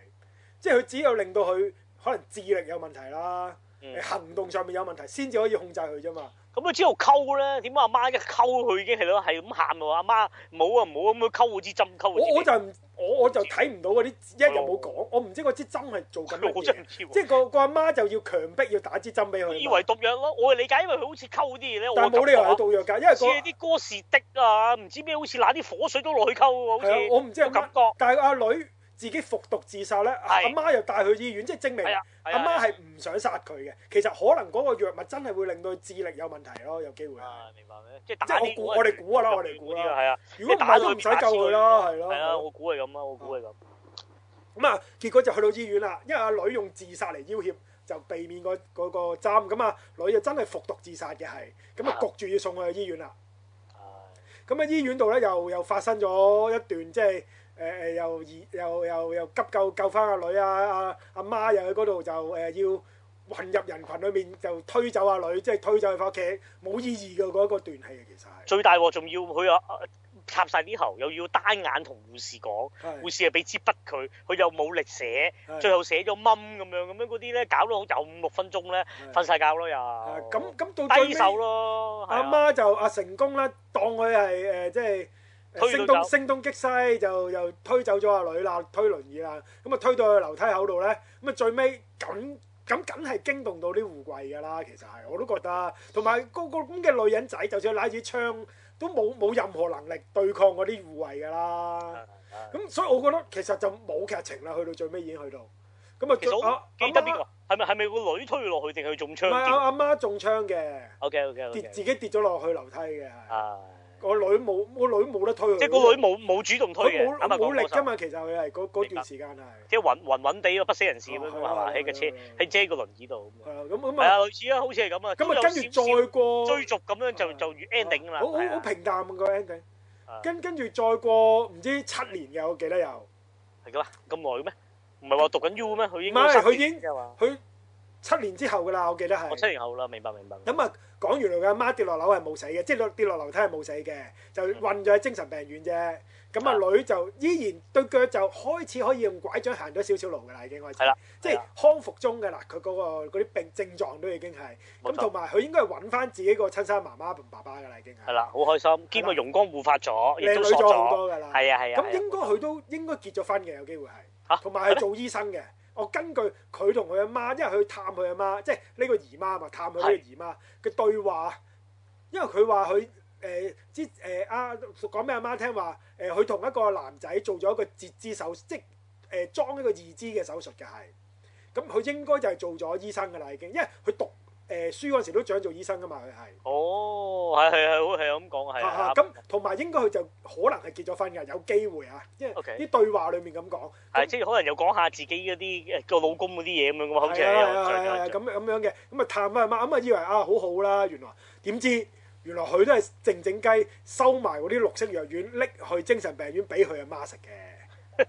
即係佢只有令到佢可能智力有問題啦，嗯、行動上面有問題，先至可以控制佢啫嘛。咁佢之後溝咧，點解阿媽一溝佢已經係咯，係咁喊喎？阿媽冇啊，唔好咁樣溝嗰支針，溝嗰支針。我我就我我就睇唔到嗰啲，一日冇講，我唔知嗰支針係做緊啲嘢。即係個個阿媽就要強迫要打支針俾佢。以為毒藥咯，我嘅理解，因為佢好似溝啲嘢咧。但係冇理由係毒藥㗎，因為個，似啲哥士的啊，唔知咩好似攞啲火水都落去溝好似。啊，我唔知有感覺。但係阿女。自己服毒自殺咧，阿媽又帶去醫院，即係證明阿媽係唔想殺佢嘅。其實可能嗰個藥物真係會令到智力有問題咯，有機會。明白即係即係我估，我哋估啊啦，我哋估啊。係啊，如果唔係都唔使救佢啦，係咯。係啊，我估係咁啦，我估係咁。咁啊，結果就去到醫院啦，因為阿女用自殺嚟要挾，就避免個嗰個針咁啊。女就真係服毒自殺嘅係，咁啊焗住要送去醫院啦。咁啊，醫院度咧又又發生咗一段即係。誒誒又而又又又急救救翻阿女啊！阿阿媽又喺嗰度就誒要混入人群裡面就推走阿女，即係推走佢翻屋企，冇意義嘅嗰個段戲啊，其實係最大喎！仲要佢啊插晒啲喉，又要單眼同護士講，護士又俾支筆佢，佢又冇力寫，最後寫咗蚊咁樣咁樣嗰啲咧，搞到有五六分鐘咧瞓晒覺咯又。咁咁到低手咯！阿媽就啊成功啦，當佢係誒即係。聲東聲東擊西就又推走咗阿女啦，推輪椅啦，咁啊推到去樓梯口度咧，咁啊最尾咁咁梗係驚動到啲護衛噶啦，其實係我都覺得，同埋個咁嘅女人仔，就算攞住槍，都冇冇任何能力對抗嗰啲護衛噶啦，咁所以我覺得其實就冇劇情啦，去到最尾已經去到，咁啊其實記得邊係咪係咪個女推落去定係中槍？阿阿媽中槍嘅，OK OK OK，自己跌咗落去樓梯嘅係。個女冇，個女冇得推，即係個女冇冇主動推嘅。冇冇力㗎嘛，其實佢係嗰嗰段時間係。即係暈暈暈地咯，不死人事咁樣爬起個車，喺遮個輪椅度。係啊，咁咁啊。係啊，類似啊，好似係咁啊。咁啊，跟住再過追逐咁樣就就完 ending 啦。好好平淡個 ending。跟跟住再過唔知七年有幾多有？係噶嘛？咁耐嘅咩？唔係話讀緊 U 咩？佢已經佢已經佢七年之後㗎啦，我記得係。我七年後啦，明白明白。咁啊！講原來佢阿媽跌落樓係冇死嘅，即係跌落樓梯係冇死嘅，就困咗喺精神病院啫。咁阿女就依然對腳就開始可以用拐杖行咗少少路嘅啦，已經開始。係啦的，即係康復中嘅啦，佢嗰個嗰啲病症狀都已經係。咁同埋佢應該係揾翻自己個親生媽媽同爸爸嘅啦，已經。係啦，好開心，兼又容光煥發咗，靚女咗好多㗎啦。係啊係啊。咁應該佢都應該結咗婚嘅，有機會係。嚇！同埋係做醫生嘅。我根據佢同佢阿媽，因為佢探佢阿媽，即係呢個姨媽嘛，探佢呢個姨媽嘅對話。因為佢話佢誒之誒阿講俾阿媽聽話，佢、呃、同一個男仔做咗一個截肢手，即係誒裝一個義肢嘅手術嘅係。咁佢、嗯、應該就係做咗醫生噶啦已經，因為佢讀誒書嗰時都想做醫生噶嘛，佢係哦，係係係係咁講係咁，同埋應該佢就可能係結咗婚噶，有機會啊，因為啲對話裡面咁講，係即係可能又講下自己嗰啲個老公嗰啲嘢咁樣喎，好似係啊係啊咁咁樣嘅，咁啊探阿媽，咁啊以為啊好好啦，原來點知原來佢都係靜靜雞收埋嗰啲綠色藥丸，拎去精神病院俾佢阿媽食嘅，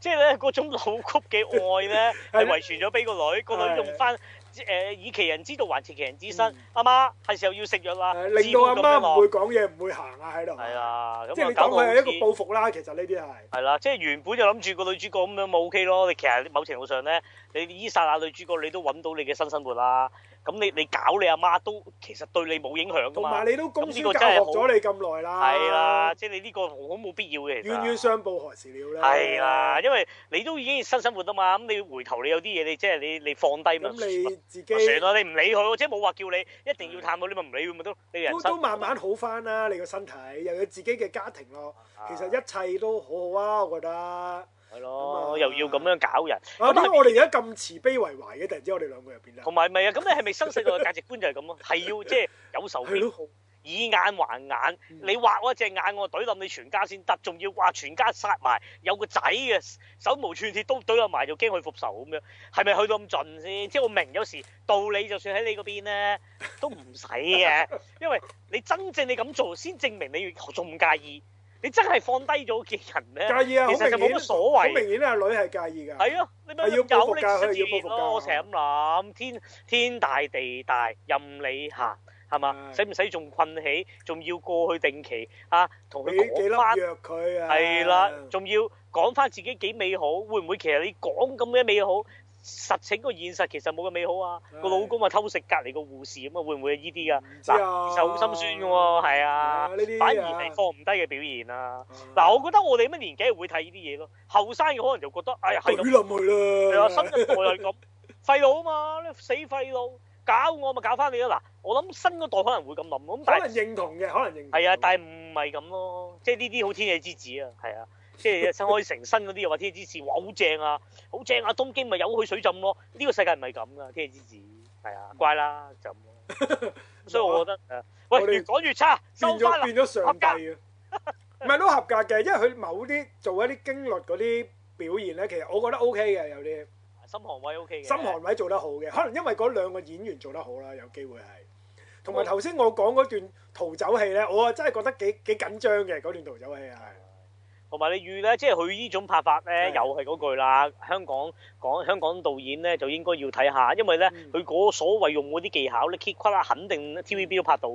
即係咧嗰種扭曲嘅愛咧，係遺傳咗俾個女，個女用翻。誒以其人之道還治其人之身，阿、嗯、媽係時候要食藥啦。令到阿媽唔會講嘢，唔會行啊喺度。係啊，即係等佢係一個報復啦。其實呢啲係係啦，即係原本就諗住個女主角咁樣咪 OK 咯。你其實某程度上咧，你伊莎亞女主角你都揾到你嘅新生活啦。咁你你搞你阿媽，媽都其實對你冇影響噶嘛，你都你都功真教學咗你咁耐啦，係啦，即係你呢個好冇必要嘅。冤冤相報何時了啦，係啦，因為你都已經新生，生活啊嘛，咁你回頭你有啲嘢你即係、就是、你你放低咪，咁你自己。算啦，你唔理佢，即係冇話叫你一定要探到，的你咪唔理，佢咪都你人生，生都，都慢慢好翻啦，你個身體又有自己嘅家庭咯，其實一切都好好啊，我覺得。係咯，又要咁樣搞人。咁我哋而家咁慈悲為懷嘅，突然之間我哋兩個入邊啦。同埋咪係啊，咁你係咪生世代嘅價值觀就係咁咯？係 要即係、就是、有仇、嗯、以眼還眼。你挖我一隻眼，我懟冧你全家先得，仲要挖全家殺埋。有個仔嘅手無寸鐵都懟落埋，就驚佢復仇咁樣。係咪去到咁盡先？即係我明有時道理就算喺你嗰邊咧，都唔使嘅，因為你真正你咁做先證明你仲唔介意。你真係放低咗嘅人咧，介意啊！其實就冇乜所謂，好明顯，好明顯咧，阿女係介意噶。係啊，係要報復㗎，係要報復㗎。我成日咁諗，天天大地大，任你行，係嘛？使唔使仲困起？仲要過去定期啊，同佢講返，約佢係啦，仲要講返自己幾美好。會唔會其實你講咁嘅美好？實情個現實其實冇咁美好啊，個的老公啊偷食隔籬個護士咁啊，會唔會啊呢啲啊？嗱，其實好心酸噶喎，係啊，啊的反而係放唔低嘅表現啊。嗱、啊啊啊，我覺得我哋乜年紀會睇呢啲嘢咯，後生嘅可能就覺得，哎呀係咁，懟落去啦，係啊，新一代係咁，廢佬啊嘛，你死廢佬，搞我咪搞翻你啊。」嗱，我諗新嗰代可能會咁諗，咁但係，可能認同嘅，可能認同，係啊，但係唔係咁咯，即係呢啲好天氣之子啊，係啊。即係新開成新嗰啲又話天氣之子哇好正啊，好正啊！東京咪有去水浸咯？呢個世界唔係咁噶，天氣之子係啊，乖啦就。所以我覺得誒，喂，越講越差，變咗變咗上帝啊！唔係都合格嘅，因為佢某啲做一啲經律嗰啲表現咧，其實我覺得 O K 嘅有啲。心寒位 O K 嘅。心寒位做得好嘅，可能因為嗰兩個演員做得好啦，有機會係。同埋頭先我講嗰段逃走戲咧，我啊真係覺得幾幾緊張嘅嗰段逃走戲係。同埋你預咧，即係佢呢種拍法咧，是的 又係嗰句啦。香港講，香港導演咧，就應該要睇下，因為咧佢嗰所謂用嗰啲技巧，你 keep cut 肯定 TVB 都拍到。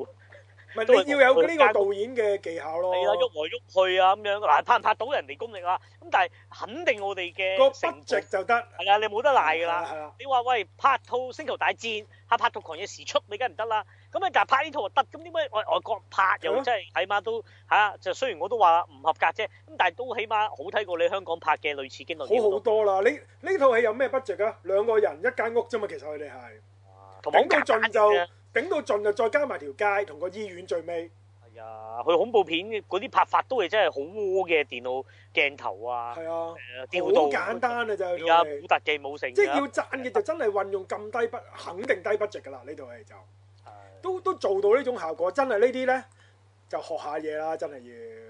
要有呢個導演嘅技巧咯，係啦，喐來喐去啊咁樣，嗱拍唔拍到人哋功力啊？咁但係肯定我哋嘅個 budget 就得，係啊，你冇得賴㗎啦。你話喂拍套星球大戰嚇拍套狂野時速你梗唔得啦，咁你但係拍呢套就得，咁點解外外國拍又真係起碼都嚇，係啊？就雖然我都話唔合格啫，咁但係都起碼好睇過你香港拍嘅類似經歷。好好多啦，呢呢套戲有咩 budget 啊？兩個人一間屋啫嘛，其實佢哋係講到盡就。啊整到盡啊！再加埋條街同個醫院最尾。係啊、哎，佢恐怖片嗰啲拍法都係真係好窩嘅電腦鏡頭啊。係啊，調度好簡單啊就。有冇、嗯、著特技冇成、啊。即係要讚嘅就真係運用咁低筆，肯定低筆值㗎啦！呢度係就。係、啊。都都做到呢種效果，真係呢啲咧就學下嘢啦！真係要。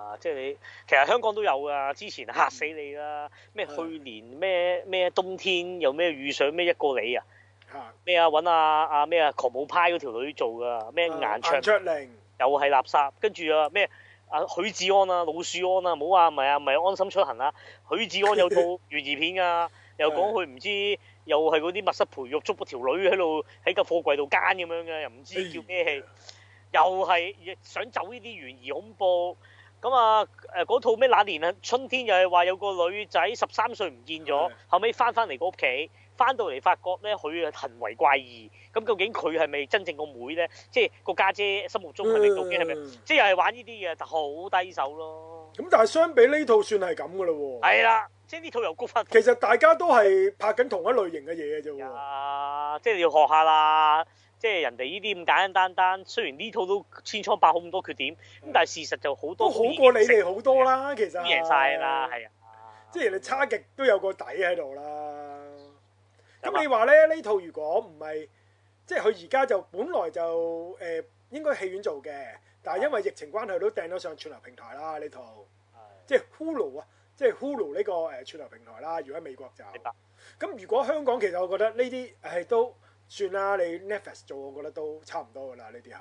啊，即係你其實香港都有㗎，之前嚇死你啦！咩、嗯啊、去年咩咩冬天又咩遇上咩一個你啊！咩啊？揾阿阿咩啊？狂舞派嗰條女做噶咩？顏、啊、卓玲又係垃，垃圾。跟住啊咩？阿許志安啊，老鼠安啊，唔啊，唔咪啊唔咪、啊、安心出行啊。許志安有套懸疑片啊， 又講佢唔知，又係嗰啲密室培育捉嗰條女喺度喺個貨櫃度奸咁樣嘅，又唔知叫咩戲，哎、呀又係想走呢啲懸疑恐怖。咁啊誒，嗰、啊啊、套咩那年啊春天又係話有個女仔十三歲唔見咗， 後尾翻翻嚟個屋企。翻到嚟發覺咧，佢嘅行為怪異，咁究竟佢係咪真正個妹咧？即係個家姐心目中佢咪究竟係咪？即係又係玩呢啲嘢，就好低手咯。咁但係相比呢套算係咁噶啦喎。係啦、啊，即係呢套又高翻。其實大家都係拍緊同一類型嘅嘢嘅啫喎。啊，即係你要學下啦，即係人哋呢啲咁簡單單。雖然呢套都千瘡百孔咁多缺點，咁但係事實就好多都好過你哋好多啦。啊、其實贏晒啦，係啊，啊即係你差極都有個底喺度啦。咁你話咧，呢套如果唔係，即係佢而家就本來就誒、呃、應該戲院做嘅，但係因為疫情關係都掟咗上串流平台啦呢套，是的 即係 Hulu 啊，即係 Hulu 呢個誒串流平台啦。如果喺美國就，明白。咁如果香港其實我覺得呢啲誒都算啦，你 Netflix 做我覺得都差唔多噶啦，呢啲係，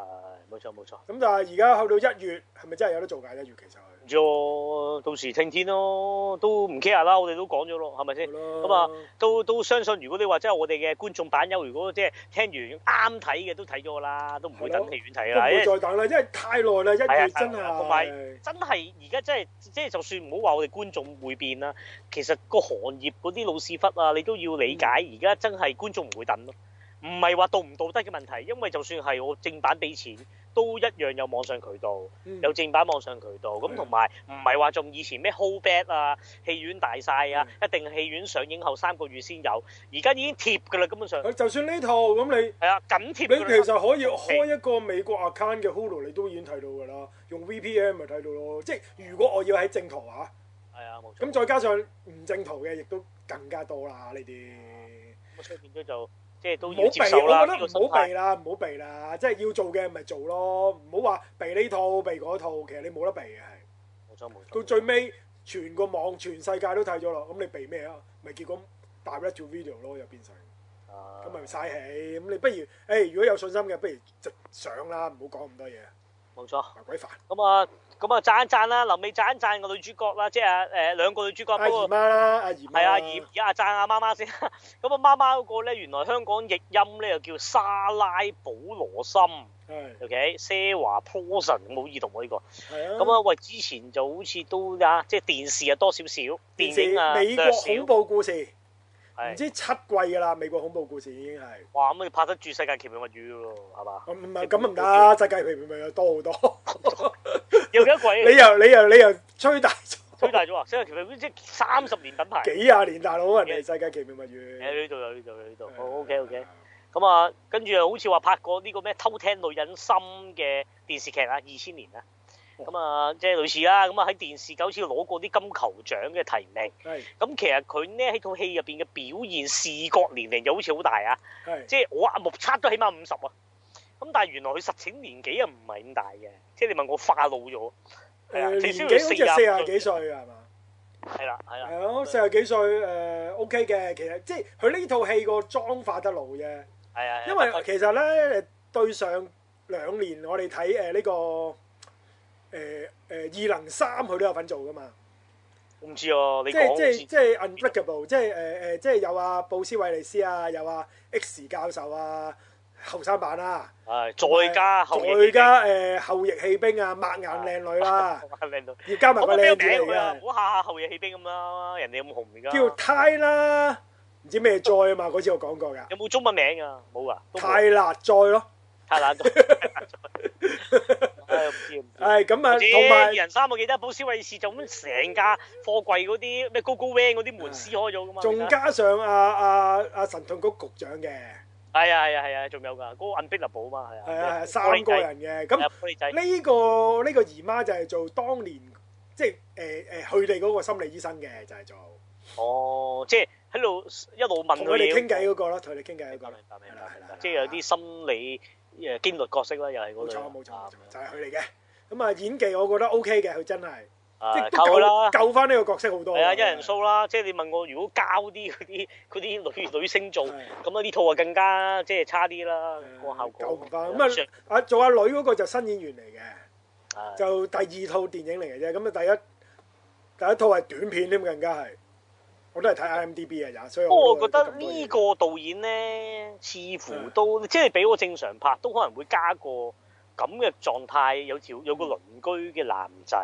係冇錯冇錯。咁但係而家去到一月係咪真係有得做㗎？一月其實就係。啫，到時聽天咯，都唔 care 啦。我哋都講咗咯，係咪先？咁啊的、嗯，都都相信如、即係，如果你話真係我哋嘅觀眾版友，如果即係聽完啱睇嘅，都睇咗啦，都唔會等戲院睇啦，都唔會再等啦，因為，因為太耐啦，一月真係同埋真係而家真係即係就算唔好話我哋觀眾會變啦，其實個行業嗰啲老屎忽啊，你都要理解。而家、嗯、真係觀眾唔會等咯。唔係話道唔道德嘅問題，因為就算係我正版俾錢，都一樣有網上渠道，嗯、有正版網上渠道咁，同埋唔係話仲以前咩 holdback 啊，戲院大晒啊，嗯、一定戲院上映後三個月先有，而家已經貼噶啦，根本上。就算呢套咁你係啊，緊貼。你其實可以開一個美國 account 嘅 Hulu 你都已經睇到噶啦，用 VPN 咪睇到咯。即係如果我要喺正途啊，係啊、嗯，冇錯。咁再加上唔正途嘅，亦都更加多啦呢啲。咁所以變咗就。即係都唔好避，我覺得唔好避啦，唔好避啦，即係要做嘅咪做咯，唔好話避呢套避嗰套，其實你冇得避嘅係。冇錯冇錯。到最尾錯全個網全世界都睇咗咯，咁你避咩啊？咪結果 direct to video 咯，又變晒。啊。咁咪嘥氣，咁你不如誒、欸、如果有信心嘅，不如直上啦，唔好講咁多嘢。冇錯錯。麻鬼煩。咁啊。咁啊，就讚一讚啦，臨尾讚一讚個女主角啦，即係誒、呃、兩個女主角。阿姨媽啦，阿姨媽係阿葉，阿、啊啊啊啊啊、讚阿、啊、媽媽先。咁啊，媽媽嗰個咧，原來香港譯音咧又叫莎拉保羅森的，OK？奢華 person，好易讀喎呢個。係啊的。咁啊，喂，之前就好似都嚇，即係電視啊，多少少，電影啊，多少。美國恐怖故事。唔是知七季噶啦，美國恐怖故事已經係。哇，咁你拍得住《世界奇妙物語》咯，係嘛？唔唔，係咁唔得，《世界奇妙物語》多好多。有幾多鬼？你又你又你又吹大咗！吹大咗啊！《世界奇妙物語》即係三十年品牌，幾廿年大佬，人哋《世界奇妙物語》啊。喺呢度有呢度有呢度。好 OK OK。咁啊，跟住又好似話拍過呢個咩偷聽女人心嘅電視劇啊，二千年啊。咁啊、嗯，即係類似啦。咁、嗯、啊，喺電視就好似攞過啲金球獎嘅提名。係咁是、嗯，其實佢呢喺套戲入邊嘅表現視覺年齡就好似好大啊。係是即係我目測都起碼五十啊。咁、嗯、但係原來佢實情年紀啊唔係咁大嘅，即係你問我化老咗、啊呃，年紀好似四廿幾歲係嘛？係啦係啦，係咯、啊啊、四廿幾歲誒、呃、OK 嘅，其實即係佢呢套戲個妝化得老啫。係啊，啊因為其實咧對上兩年我哋睇誒呢個。呃呃呃呃呃呃誒誒，異能三佢都有份做噶嘛？我唔知哦，你即係即係即係 unbreakable，即係誒誒，即係有阿布斯韋利斯啊，有阿 X 教授啊，後生版啊，係再加再加誒後翼棄兵啊，抹眼靚女啦，靚女，要加埋個靚啲嚟噶，估下後翼棄兵咁啦，人哋有冇紅而家？叫泰啦，唔知咩再啊嘛，嗰次我講過噶，有冇中文名啊？冇啊，泰辣再咯，泰辣再。係咁啊，同埋人三個記得，布斯威士就咁成架貨櫃嗰啲咩 GoGoVan 嗰啲門撕開咗噶嘛，仲加上阿阿阿神盾局局長嘅，係啊係啊係啊，仲有噶嗰個 Unbreakable 啊嘛，係啊，係啊，三個人嘅咁呢個呢個姨媽就係做當年即係誒誒佢哋嗰個心理醫生嘅就係做，哦，即係喺度一路問佢哋傾偈嗰個咯，同佢哋傾偈嗰個咯，係啦係啦，即係有啲心理。誒，驚慄角色啦，又係嗰，冇錯冇錯，就係佢嚟嘅。咁啊，演技我覺得 OK 嘅，佢真係即係救啦，救翻呢個角色好多。係啊，一人 show 啦，即係你問我如果交啲嗰啲嗰啲女女星做，咁啊呢套啊更加即係差啲啦，個效果。救唔翻咁啊。做阿女嗰個就新演員嚟嘅，就第二套電影嚟嘅啫。咁啊，第一第一套係短片添，更加係。我都係睇 IMDB 啊，所以。不過我覺得呢個導演咧，似乎都是的 即係畀我正常拍，都可能會加個咁嘅狀態，有條有個鄰居嘅男仔，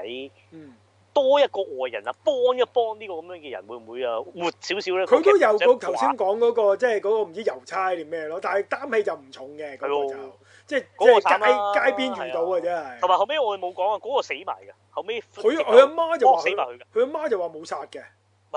嗯，多一個外人啊，幫一幫呢個咁樣嘅人，會唔會啊活少少咧？佢都有個頭先講嗰個，即係嗰個唔知郵差定咩咯，但係擔戲就唔重嘅，佢的就即係即係街街邊遇到嘅啫，係的。同埋後尾我哋冇講啊，嗰、嗰個死埋嘅，後尾，佢佢阿媽就話佢，佢阿媽就話冇殺嘅。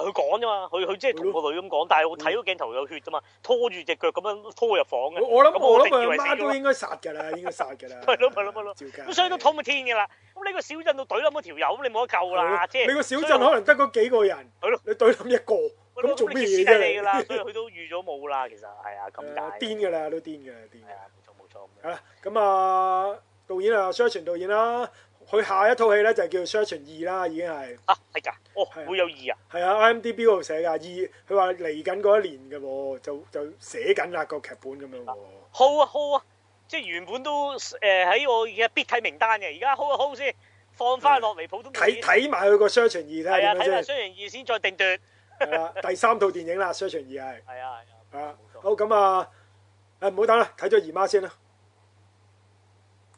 佢講啫嘛，佢佢即係同個女咁講，但係我睇到鏡頭有血啫嘛，拖住隻腳咁樣拖入房嘅。我我諗我諗佢媽都應該殺㗎啦，應該殺㗎啦。係咯，咪咯咪咯。咁所以都捅咗天㗎啦。咁你個小鎮都懟冧咗條友，你冇得救啦。即係你個小鎮可能得嗰幾個人。係咯。你懟冧一個。咁做咩事？啫？所以佢都預咗冇啦，其實係啊，咁解。癲㗎啦，都癲嘅癲。係啊，冇錯冇錯咁啊，導演啊，Searching 導演啦。佢下一套戲咧就叫《Searching 二》啦，已經係啊，係㗎，哦，會有二啊，係啊，IMDB 嗰度寫㗎二，佢話嚟緊嗰一年嘅喎，就就寫緊啦個劇本咁樣喎，hold 啊 hold 啊，即係原本都誒喺我嘅必睇名單嘅，而家 hold 一 hold 先，放翻落嚟普通睇睇埋佢個《Searching 二》睇下先，睇《Searching 二》先再定奪，係啦，第三套電影啦，《Searching 二》係，係啊，係啊，好咁啊，誒唔好等啦，睇咗疑媽先啦。